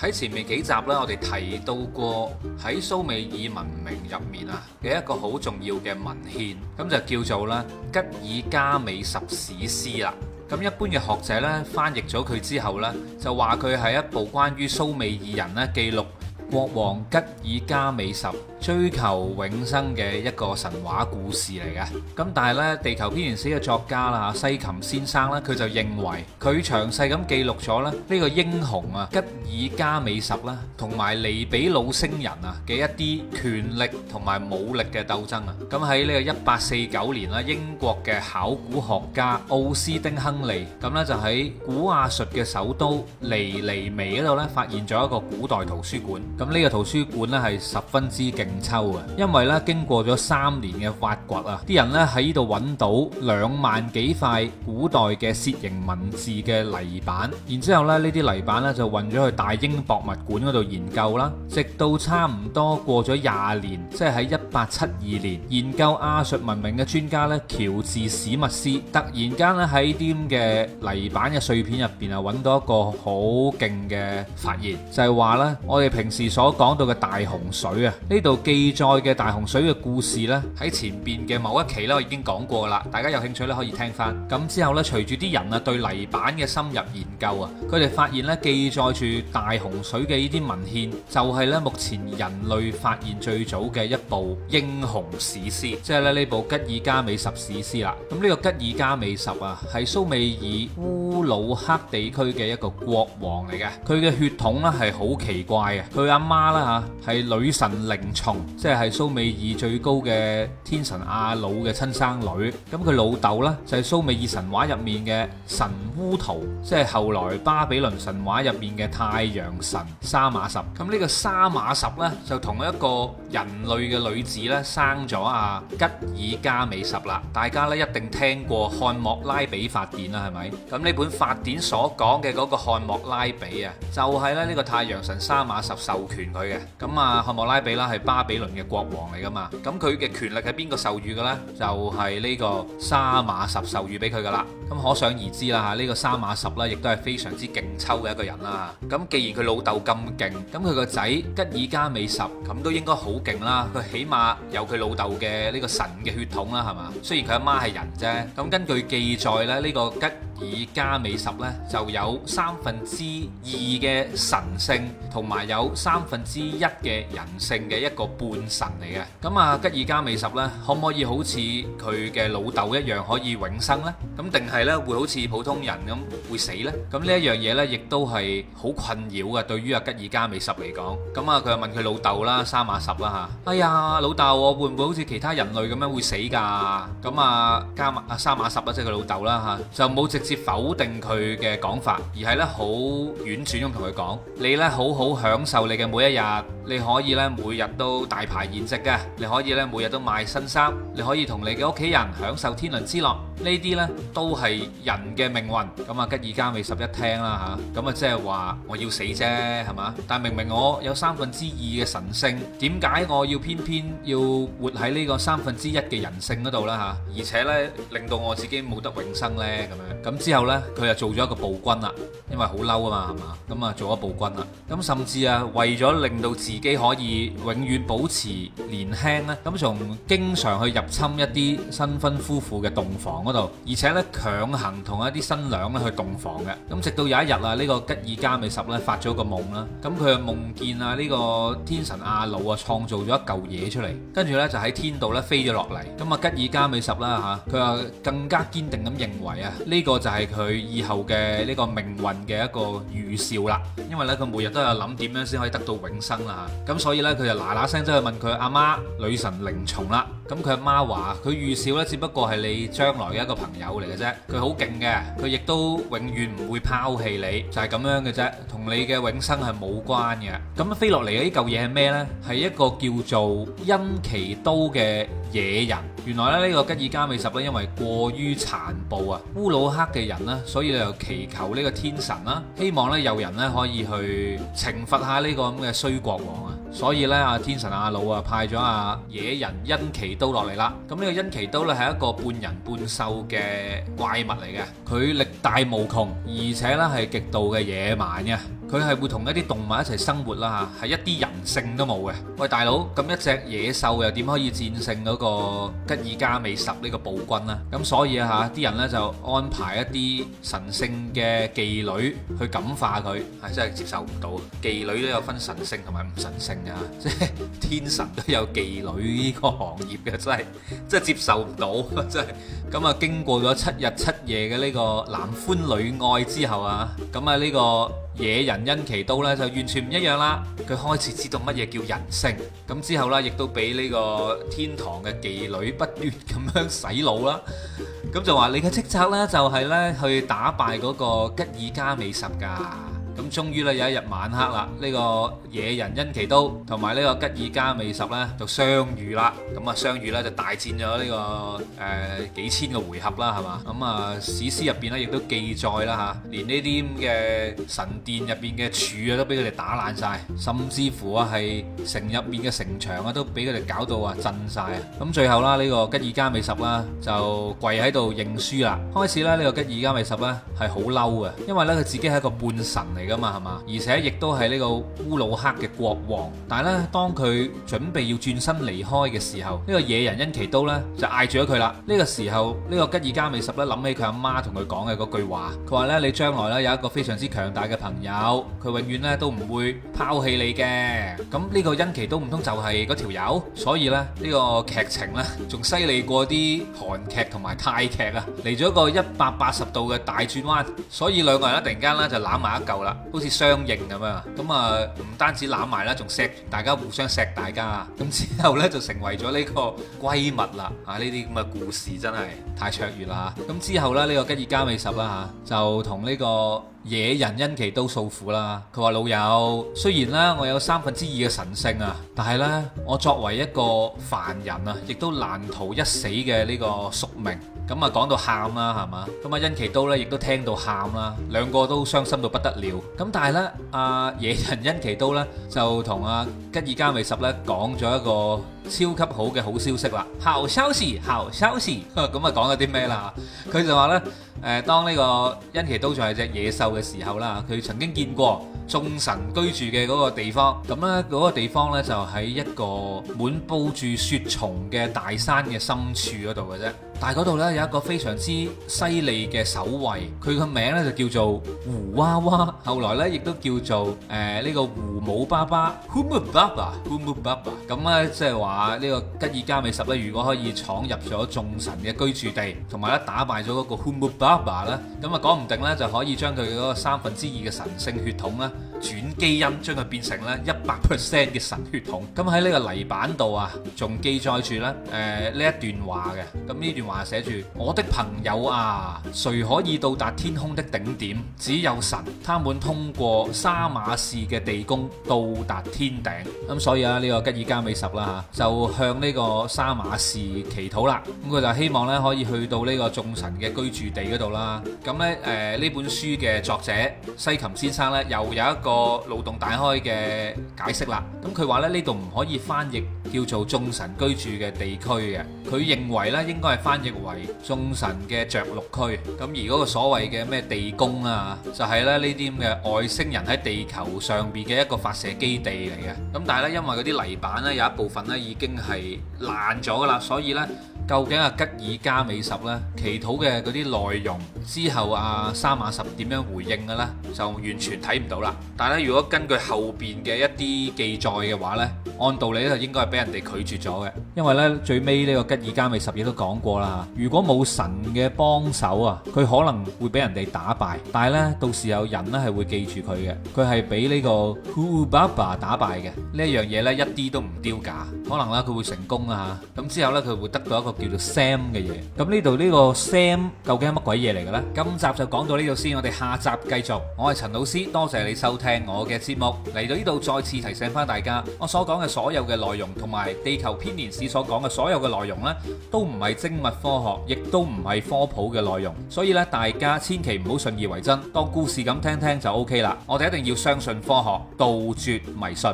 喺前面幾集呢，我哋提到過喺蘇美爾文明入面啊嘅一個好重要嘅文獻，咁就叫做咧《吉爾加美十史詩》啦。咁一般嘅學者呢，翻譯咗佢之後呢，就話佢係一部關於蘇美爾人呢記錄，國王吉爾加美什追求永生嘅一個神話故事嚟嘅，咁但係咧地球編年史嘅作家啦，西琴先生咧，佢就認為佢詳細咁記錄咗咧呢個英雄啊吉爾加美什啦，同埋尼比魯星人啊嘅一啲權力同埋武力嘅鬥爭啊，咁喺呢個一八四九年啦，英國嘅考古學家奧斯丁亨利咁咧就喺古亞述嘅首都尼尼微嗰度咧發現咗一個古代圖書館。咁呢個圖書館呢係十分之勁抽嘅，因為呢經過咗三年嘅挖掘啊，啲人呢喺呢度揾到兩萬幾塊古代嘅楔形文字嘅泥板，然之後呢，呢啲泥板呢就運咗去大英博物館嗰度研究啦。直到差唔多過咗廿年，即係喺一八七二年，研究亞述文明嘅專家呢，喬治史密斯，突然間呢喺啲咁嘅泥板嘅碎片入邊啊揾到一個好勁嘅發現，就係話呢：「我哋平時所講到嘅大洪水啊，呢度記載嘅大洪水嘅故事呢，喺前邊嘅某一期呢，我已經講過啦。大家有興趣呢，可以聽翻。咁之後呢，隨住啲人啊對泥板嘅深入研究啊，佢哋發現呢，記載住大洪水嘅呢啲文獻，就係呢目前人類發現最早嘅一部英雄史詩，即係咧呢部《吉爾加美什史詩》啦。咁呢個《吉爾加美什》啊，係蘇美爾烏魯克地區嘅一個國王嚟嘅，佢嘅血統呢，係好奇怪嘅，佢啊～媽啦吓，係女神寧崇，即係蘇美爾最高嘅天神阿努嘅親生女。咁佢老豆呢，就係蘇美爾神話入面嘅神烏圖，即係後來巴比倫神話入面嘅太陽神沙馬什。咁呢個沙馬什呢，就同一個。人類嘅女子咧，生咗啊吉爾加美什啦，大家咧，一定聽過漢莫拉比法典啦，係咪？咁呢本法典所講嘅嗰個漢莫拉比啊，就係咧呢個太陽神沙馬什授權佢嘅。咁啊漢莫拉比啦，係巴比倫嘅國王嚟噶嘛，咁佢嘅權力係邊個授予嘅呢？就係呢個沙馬什授予俾佢噶啦。咁可想而知啦，呢、個三馬十咧，亦都係非常之勁抽嘅一個人啦。咁既然佢老豆咁勁，咁佢個仔吉爾加美什咁都應該好勁啦。佢起碼有佢老豆嘅呢個神嘅血統啦，係嘛？雖然佢阿媽係人啫。咁根據記載咧，呢、個吉吉爾加美什咧，就有三分之二嘅神性，同埋有三分之一嘅人性嘅一個半神，嚟嘅。吉爾加美什否定佢嘅講法，而係咧好婉轉咁同佢講，你咧好好享受你嘅每一日，你可以咧每日都大排筵席嘅，你可以咧每日都買新衫，你可以同你嘅屋企人享受天倫之樂，呢啲咧都係人嘅命運。咁啊，吉爾伽美什一聽啦吓，咁啊即係話我要死啫係嘛？但係明明我有三分之二嘅神性，點解我要偏偏要活喺呢個三分之一嘅人性嗰度啦吓？而且咧令到我自己冇得永生咧咁樣咁。之後呢，佢就做咗一個暴君啦，因為好嬲啊嘛，係嘛，咁、嗯、啊做咗暴君啦。咁甚至啊，為咗令到自己可以永遠保持年輕呢，咁從經常去入侵一啲新婚夫婦嘅洞房嗰度，而且呢強行同一啲新娘咧去洞房嘅。咁直到有一日啊，呢、這個吉爾加美什呢發咗個夢啦，咁佢啊夢見啊呢個天神阿魯啊創造咗一嚿嘢出嚟，跟住呢就喺天度呢飛咗落嚟。咁啊吉爾加美什啦嚇，佢啊更加堅定咁認為啊、這、呢個。就係佢以後嘅呢個命運嘅一個預兆啦，因為呢，佢每日都有諗點樣先可以得到永生啦，咁所以呢，佢就嗱嗱聲走去問佢阿媽女神靈從啦。咁佢阿媽話：佢預兆呢只不過係你將來嘅一個朋友嚟嘅啫。佢好勁嘅，佢亦都永遠唔會拋棄你，就係咁樣嘅啫，同你嘅永生係冇關嘅。咁飛落嚟嘅呢嚿嘢係咩呢？係一個叫做恩奇都嘅野人。原來咧呢個吉爾加美什咧，因為過於殘暴啊，烏魯克嘅人咧，所以就祈求呢個天神啦，希望呢有人呢可以去懲罰下呢個咁嘅衰國王啊！所以咧，阿天神阿老啊，派咗阿野人恩奇都落嚟啦。咁、這、呢個恩奇都咧，係一個半人半獸嘅怪物嚟嘅，佢力大無窮，而且咧係極度嘅野蠻嘅。佢係會同一啲動物一齊生活啦嚇，係一啲人性都冇嘅。喂，大佬，咁一隻野獸又點可以戰勝嗰個吉爾加美什呢個暴君呢？咁所以啊嚇，啲人呢就安排一啲神聖嘅妓女去感化佢，係真係接受唔到。妓女都有分神聖同埋唔神聖㗎，即係天神都有妓女呢個行業嘅，真係真係接受唔到，真係。咁啊，經過咗七日七夜嘅呢個男歡女愛之後啊，咁啊呢個。野人恩奇都咧就完全唔一樣啦，佢開始知道乜嘢叫人性，咁之後呢亦都俾呢個天堂嘅妓女不斷咁樣洗腦啦，咁就話你嘅職責呢就係、是、呢去打敗嗰個吉爾加美什噶。咁，終於呢，有一日晚黑啦，呢個野人恩奇都，同埋呢個吉爾加美什呢，就相遇啦，咁，相遇呢，就大戰咗呢個，呃，幾千個回合啦，係咪？咁，啊，史詩入面呢，亦都記載啦，連呢啲咁嘅神殿入面嘅柱啊都俾佢哋打爛晒，甚至乎啊，喺城入面嘅城牆啊，都俾佢哋搞到啊，震晒。咁，最後啦，呢個吉爾加美什啦，就跪喺度認輸啦，開始呢個吉爾加美什呢，係好嬲啊，因為呢，佢自己係個半神嚟嚟噶嘛係嘛，而且亦都係呢個烏魯克嘅國王。但係咧，當佢準備要轉身離開嘅時候，呢、這個野人恩奇都咧就嗌住咗佢啦。呢、這個時候，呢、這個吉爾伽美什咧諗起佢阿媽同佢講嘅嗰句話，佢話咧：你將來咧有一個非常之強大嘅朋友，佢永遠咧都唔會拋棄你嘅。咁、嗯、呢、這個恩奇都唔通就係嗰條友，所以咧呢、這個劇情咧仲犀利過啲韓劇同埋泰劇啊，嚟咗個一百八十度嘅大轉彎，所以兩個人咧突然間咧就攬埋一嚿啦。好似相認咁樣，咁啊唔單止攬埋啦，仲錫大家互相錫大家，咁之、啊啊、之後呢，就成為咗呢個閨蜜啦。啊，呢啲咁嘅故事真係太卓越啦。咁之後呢，呢個吉爾伽美什啦吓，就同呢個野人恩奇都訴苦啦。佢話老友，雖然呢，我有三分之二嘅神性啊，但係呢，我作為一個凡人啊，亦都難逃一死嘅呢個宿命。咁啊，講到喊啦，係嘛，咁啊？恩奇都咧，亦都聽到喊啦，兩個都傷心到不得了。咁但係咧，阿野人恩奇都咧就同阿吉爾加美什咧講咗一個超級好嘅好消息啦。好消息，好消息，咁啊，講咗啲咩啦？佢就話咧，誒，當呢個恩奇都仲係隻野獸嘅時候啦，佢曾經見過眾神居住嘅嗰個地方。咁咧，嗰個地方咧就喺一個滿布住雪松嘅大山嘅深處嗰度嘅啫。但係嗰度呢，有一個非常之犀利嘅守衞，佢個名呢，就叫做胡娃娃。後來呢，亦都叫做誒呢、呃呢個胡姆巴巴。胡姆巴巴，胡姆巴巴。咁呢，即係話呢個吉爾加美什呢，如果可以闖入咗眾神嘅居住地，同埋呢打敗咗嗰個胡姆巴巴呢，咁啊講唔定呢，就可以將佢嗰個三分之二嘅神聖血統呢。轉基因將佢變成咧一百 percent 嘅神血統。咁喺呢個泥板度啊，仲記載住咧誒呢一段話嘅。咁呢段話寫住：我的朋友啊，誰可以到達天空的頂點？只有神。他們通過沙馬士嘅地宮到達天頂。咁所以啊，呢個吉爾伽美什啦就向呢個沙馬士祈禱啦。咁佢就希望咧可以去到呢個眾神嘅居住地嗰度啦。咁咧誒呢、呃、本書嘅作者西琴先生咧，又有一個。個腦洞大開嘅解釋啦，咁佢話咧呢度唔可以翻譯叫做眾神居住嘅地區嘅，佢認為咧應該係翻譯為眾神嘅着陸區，咁而嗰個所謂嘅咩地宮啊，就係咧呢啲咁嘅外星人喺地球上邊嘅一個發射基地嚟嘅，咁但係咧因為嗰啲泥板咧有一部分咧已經係爛咗噶啦，所以咧。究竟阿吉爾加美什咧祈禱嘅嗰啲內容之後，啊，阿沙馬什點樣回應嘅咧，就完全睇唔到啦。但係咧，如果根據後邊嘅一啲記載嘅話咧，按道理咧應該係俾人哋拒絕咗嘅，因為咧最尾呢個吉爾加美什亦都講過啦。如果冇神嘅幫手啊，佢可能會俾人哋打敗。但係咧，到時有人咧係會記住佢嘅，佢係俾呢個 Hupaba 打敗嘅呢一樣嘢咧一啲都唔丟架。可能咧佢會成功啊。嚇。咁之後咧佢會得到一個。叫做 Sam 嘅嘢，咁呢度呢個 Sam 究竟係乜鬼嘢嚟嘅呢？今集就講到呢度先，我哋下集繼續。我係陳老師，多謝你收聽我嘅節目。嚟到呢度再次提醒翻大家，我所講嘅所有嘅內容，同埋地球編年史所講嘅所有嘅內容呢，都唔係精密科學，亦都唔係科普嘅內容。所以咧，大家千祈唔好信以為真，當故事咁聽聽就 OK 啦。我哋一定要相信科學，杜絕迷信。